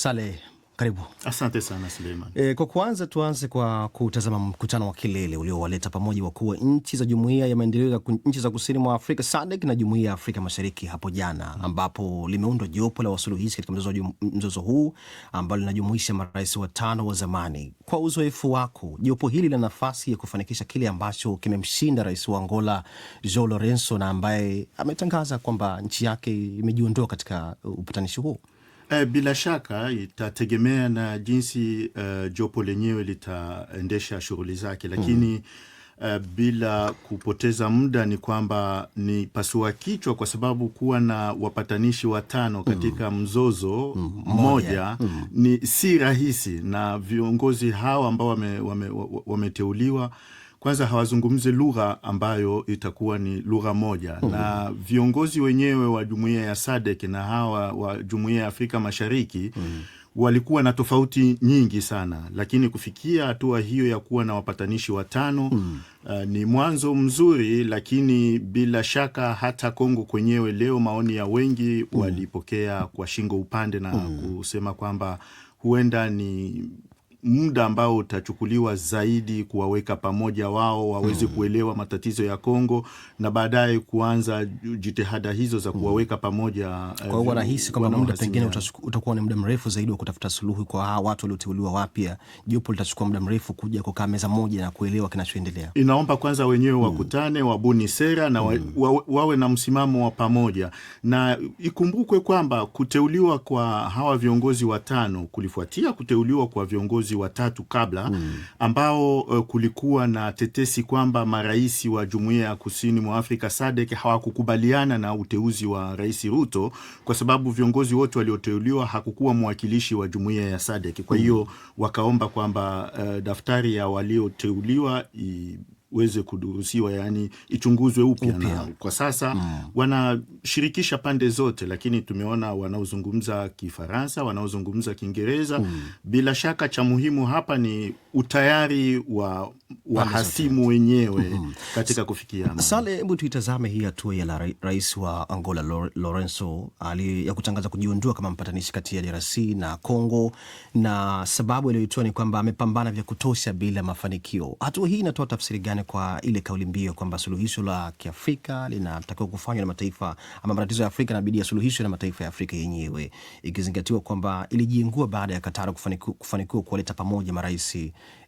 Saleh, karibu. Asante sana Suleiman. E, kwa kwanza tuanze kwa kutazama mkutano wa kilele uliowaleta pamoja wakuu wa nchi za Jumuiya ya Maendeleo ya Nchi za Kusini mwa Afrika SADC na Jumuiya ya Afrika Mashariki hapo jana, ambapo limeundwa jopo la wasuluhishi katika mzozo, mzozo huu ambalo linajumuisha marais watano wa zamani. Kwa uzoefu wako, jopo hili lina nafasi ya kufanikisha kile ambacho kimemshinda rais wa Angola Joao Lourenco na ambaye ametangaza kwamba nchi yake imejiondoa katika uh, upatanishi huu? E, bila shaka itategemea na jinsi uh, jopo lenyewe litaendesha shughuli zake, mm-hmm. lakini uh, bila kupoteza muda ni kwamba ni pasua kichwa, kwa sababu kuwa na wapatanishi watano mm-hmm. katika mzozo mmoja mm-hmm. ni si rahisi, na viongozi hawa ambao wameteuliwa wame, wame kwanza hawazungumzi lugha ambayo itakuwa ni lugha moja mm -hmm. na viongozi wenyewe wa jumuiya ya sadek na hawa wa jumuiya ya Afrika Mashariki mm -hmm walikuwa na tofauti nyingi sana, lakini kufikia hatua hiyo ya kuwa na wapatanishi watano mm. Uh, ni mwanzo mzuri, lakini bila shaka hata Kongo kwenyewe leo, maoni ya wengi mm. walipokea kwa shingo upande na mm. kusema kwamba huenda ni muda ambao utachukuliwa zaidi kuwaweka pamoja wao waweze mm. kuelewa matatizo ya Kongo na baadaye kuanza jitihada hizo za mm. kuwaweka pamoja. Eh, kwa hiyo wanahisi kwamba muda pengine utakuwa ni muda mrefu zaidi wa kutafuta suluhu kwa hawa watu walioteuliwa wapya. Jopo litachukua muda mrefu kuja kukaa meza moja na kuelewa kinachoendelea. Inaomba kwanza wenyewe mm. wakutane, mm. wabuni sera na wa, mm. wa, wawe na msimamo wa pamoja, na ikumbukwe kwamba kuteuliwa kwa hawa viongozi watano kulifuatia kuteuliwa kwa viongozi mwezi wa tatu kabla mm. ambao uh, kulikuwa na tetesi kwamba marais wa jumuiya ya kusini mwa Afrika SADC hawakukubaliana na uteuzi wa Rais Ruto kwa sababu viongozi wote walioteuliwa hakukuwa mwakilishi wa jumuiya ya SADC. Kwa hmm. hiyo mm. wakaomba kwamba uh, daftari ya walioteuliwa i uweze kuduhusiwa yani ichunguzwe upya, na kwa sasa mm. wanashirikisha pande zote, lakini tumeona wanaozungumza Kifaransa, wanaozungumza Kiingereza mm. bila shaka cha muhimu hapa ni utayari wa wahasimu wenyewe mm -hmm. katika kufikia Sale, hebu tuitazame hii hatua ya rais wa Angola Lorenzo ali ya kutangaza kujiundua kama mpatanishi kati ya DRC na Congo, na sababu aliyoitoa ni kwamba amepambana vya kutosha bila mafanikio. Hatua hii inatoa tafsiri gani Marekani kwa ile kauli mbio kwamba suluhisho la kiafrika linatakiwa kufanywa na mataifa ama matatizo ya Afrika inabidi yasuluhishwe na mataifa ya Afrika yenyewe, ikizingatiwa kwamba ilijiingua baada ya Katara kufanikiwa kufaniku kuwaleta pamoja marais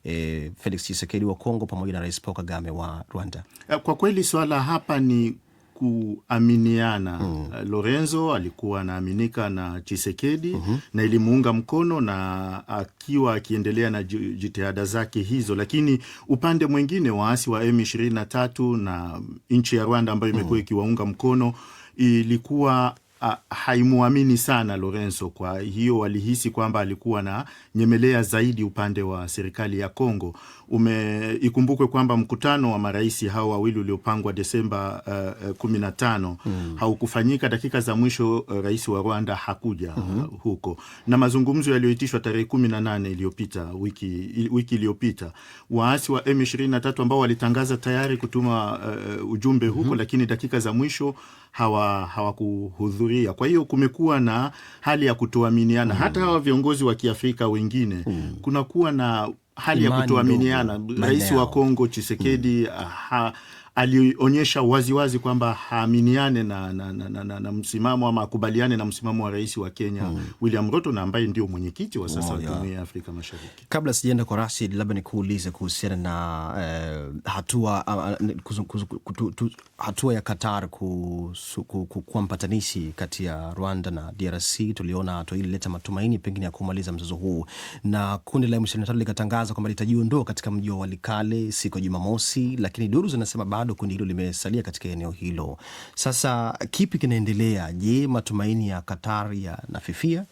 e, Felix Tshisekedi wa Kongo pamoja na Rais Paul Kagame wa Rwanda. Eh, kwa kweli swala hapa ni kuaminiana mm. Lorenzo alikuwa anaaminika na Chisekedi mm -hmm. na ilimuunga mkono na akiwa akiendelea na jitihada zake hizo, lakini upande mwingine waasi wa M23 na nchi ya Rwanda ambayo imekuwa mm. ikiwaunga mkono ilikuwa Ah, haimwamini sana Lorenzo. Kwa hiyo walihisi kwamba alikuwa na nyemelea zaidi upande wa serikali ya Kongo. Ume, ikumbukwe kwamba mkutano wa marais hao wawili uliopangwa Desemba eh, kumi uh, 15 mm. haukufanyika. Dakika za mwisho uh, rais wa Rwanda hakuja mm -hmm. uh, huko, na mazungumzo yaliyoitishwa tarehe kumi na nane iliyopita, wiki wiki iliyopita, waasi wa M23 ambao walitangaza tayari kutuma uh, ujumbe huko mm -hmm. lakini dakika za mwisho hawakuhudhuria hawa. Kwa hiyo kumekuwa na hali ya kutoaminiana mm. hata hawa viongozi wa Kiafrika wengine mm. kunakuwa na hali Imani ya kutoaminiana. Rais wa Kongo Chisekedi mm. ha, alionyesha waziwazi kwamba haaminiane na, na, na, na, na, na msimamo ama akubaliane na msimamo wa rais wa Kenya hmm. William Ruto na ambaye ndio mwenyekiti wa sasa oh, wa Jumuiya ya Afrika Mashariki. Kabla sijaenda kwa Rashid, labda nikuulize kuhusiana na eh, hatua, uh, kuzu, kuzu, kutu, tu, hatua ya Qatar kuwa mpatanishi kati ya Rwanda na DRC. Tuliona hatua hii ilileta matumaini pengine ya kumaliza mzozo huu, na kundi la M23 likatangaza kwamba litajiondoa katika mji wa Walikale siku ya Jumamosi, lakini duru zinasema bado bado kundi hilo limesalia katika eneo hilo. Sasa kipi kinaendelea? Je, matumaini ya Qatar yanafifia?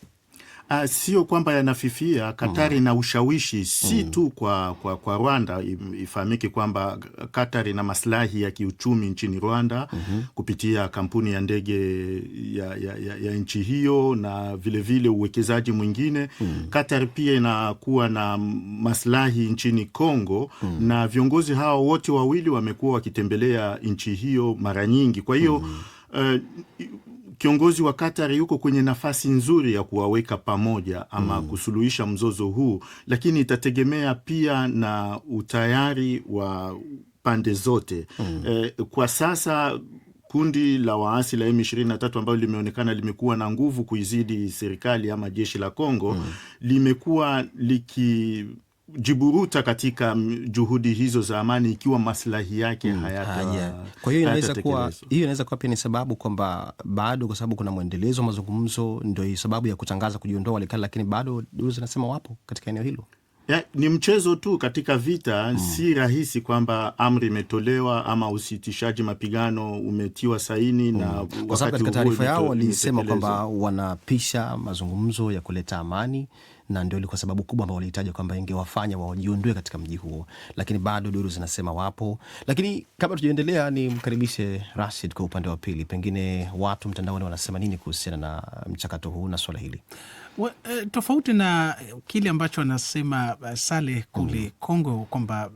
Uh, sio kwamba yanafifia. Katari mm. ina mm. ushawishi si mm. tu kwa, kwa, kwa Rwanda. Ifahamike kwamba Katari ina maslahi ya kiuchumi nchini Rwanda mm -hmm. kupitia kampuni ya ndege ya, ya, ya, ya nchi hiyo na vilevile uwekezaji mwingine mm. Katari pia inakuwa na maslahi nchini Kongo mm. na viongozi hao wote wawili wamekuwa wakitembelea nchi hiyo mara nyingi, kwa hiyo mm. Uh, kiongozi wa katari yuko kwenye nafasi nzuri ya kuwaweka pamoja ama mm. kusuluhisha mzozo huu, lakini itategemea pia na utayari wa pande zote mm. E, kwa sasa kundi la waasi la M23 ambalo limeonekana limekuwa na nguvu kuizidi serikali ama jeshi la Kongo mm. limekuwa liki jiburuta katika juhudi hizo za amani ikiwa maslahi yake mm, hayata. Kwa hiyo inaweza kuwa hiyo inaweza kuwa pia ni sababu kwamba bado, kwa sababu kuna mwendelezo wa mazungumzo, ndio sababu ya kutangaza kujiondoa Walikali, lakini bado duru zinasema wapo katika eneo hilo. Ya, ni mchezo tu katika vita mm. Si rahisi kwamba amri imetolewa ama usitishaji mapigano umetiwa saini mm. Na kwa sababu katika taarifa yao walisema kwamba wanapisha mazungumzo ya kuleta amani na ndio ilikuwa sababu kubwa ambayo walihitaji kwamba ingewafanya wajiondoe katika mji huo, lakini bado duru zinasema wapo. Lakini kabla tujaendelea, ni mkaribishe Rashid kwa upande wa pili, pengine watu mtandaoni wanasema nini kuhusiana na mchakato huu na swala hili We, eh, tofauti na kile ambacho anasema eh, Saleh kule mm. Kongo kwamba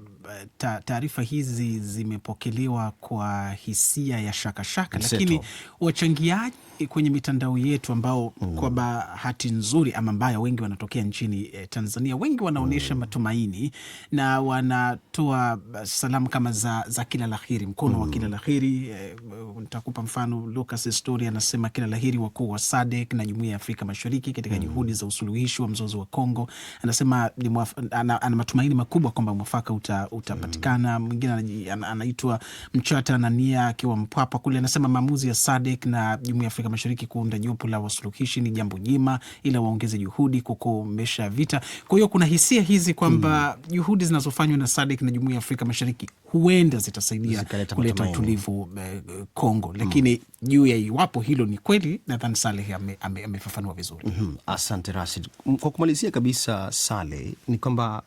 taarifa hizi zimepokelewa kwa hisia ya shakashaka shaka, lakini wachangiaji kwenye mitandao yetu ambao mm. kwa bahati nzuri ama mbaya wengi wanatokea nchini eh, Tanzania, wengi wanaonyesha mm. matumaini na wanatoa salamu kama za, za kila laheri, mkono mm. wa kila laheri eh, nitakupa mfano. Lucas Story anasema kila laheri wakuu wa SADC na Jumuiya ya Afrika Mashariki katika mm. juhudi za usuluhishi wa mzozo wa Kongo. Anasema ana, ana matumaini makubwa kwamba mwafaka uta utapatikana. Mwingine mm. anaitwa Mchata Anania akiwa mpapa kule, anasema maamuzi ya sadek na jumuia ya Afrika Mashariki kuunda jopo la wasuluhishi ni jambo jima ila waongeze juhudi kukomesha vita. Kwa hiyo kuna hisia hizi kwamba mm. juhudi zinazofanywa na sadek na jumuia ya Afrika Mashariki huenda zitasaidia kuleta utulivu eh, Kongo, hmm. lakini juu mm. ya iwapo hilo ni kweli, nadhani Saleh amefafanua ame, ame vizuri. mm -hmm. Asante Rashid, kwa kumalizia kabisa Saleh ni kwamba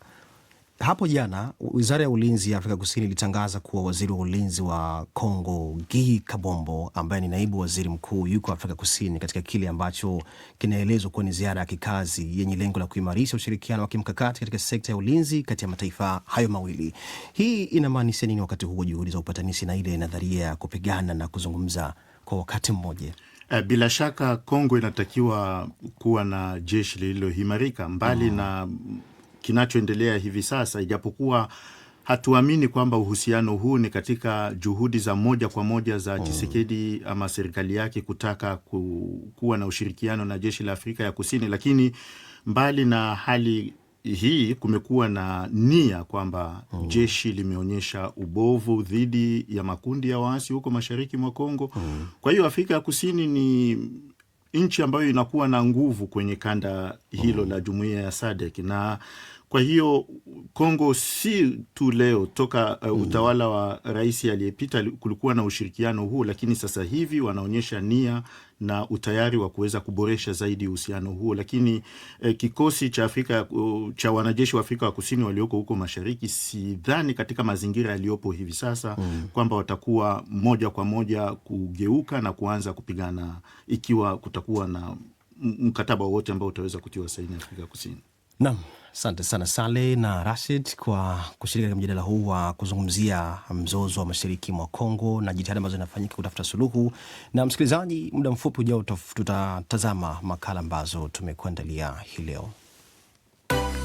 hapo jana wizara ya ulinzi ya Afrika Kusini ilitangaza kuwa waziri wa ulinzi wa congo gi Kabombo, ambaye ni naibu waziri mkuu, yuko Afrika Kusini katika kile ambacho kinaelezwa kuwa ni ziara ya kikazi yenye lengo la kuimarisha ushirikiano wa kimkakati katika sekta ya ulinzi kati ya mataifa hayo mawili. Hii inamaanisha nini wakati huu wa juhudi za upatanishi na ile nadharia ya kupigana na kuzungumza kwa wakati mmoja? Eh, bila shaka congo inatakiwa kuwa na jeshi lililohimarika mbali mm. na kinachoendelea hivi sasa, ijapokuwa hatuamini kwamba uhusiano huu ni katika juhudi za moja kwa moja za chisekedi mm. ama serikali yake kutaka ku, kuwa na ushirikiano na jeshi la Afrika ya Kusini, lakini mbali na hali hii kumekuwa na nia kwamba mm. jeshi limeonyesha ubovu dhidi ya makundi ya waasi huko mashariki mwa Kongo mm. Kwa hiyo Afrika ya Kusini ni nchi ambayo inakuwa na nguvu kwenye kanda hilo mm. la jumuiya ya SADC na kwa hiyo Kongo si tu leo toka uh, mm. utawala wa rais aliyepita kulikuwa na ushirikiano huu, lakini sasa hivi wanaonyesha nia na utayari wa kuweza kuboresha zaidi uhusiano huo. Lakini eh, kikosi cha Afrika uh, cha wanajeshi wa Afrika wa Kusini walioko huko mashariki, sidhani katika mazingira yaliyopo hivi sasa mm, kwamba watakuwa moja kwa moja kugeuka na kuanza kupigana ikiwa kutakuwa na mkataba wowote ambao utaweza kutiwa saini Afrika Kusini. Naam, asante sana Sale na Rashid kwa kushiriki katika mjadala huu wa kuzungumzia mzozo wa mashariki mwa Kongo na jitihada ambazo zinafanyika kutafuta suluhu. Na msikilizaji, muda mfupi ujao tutatazama makala ambazo tumekuandalia hii leo.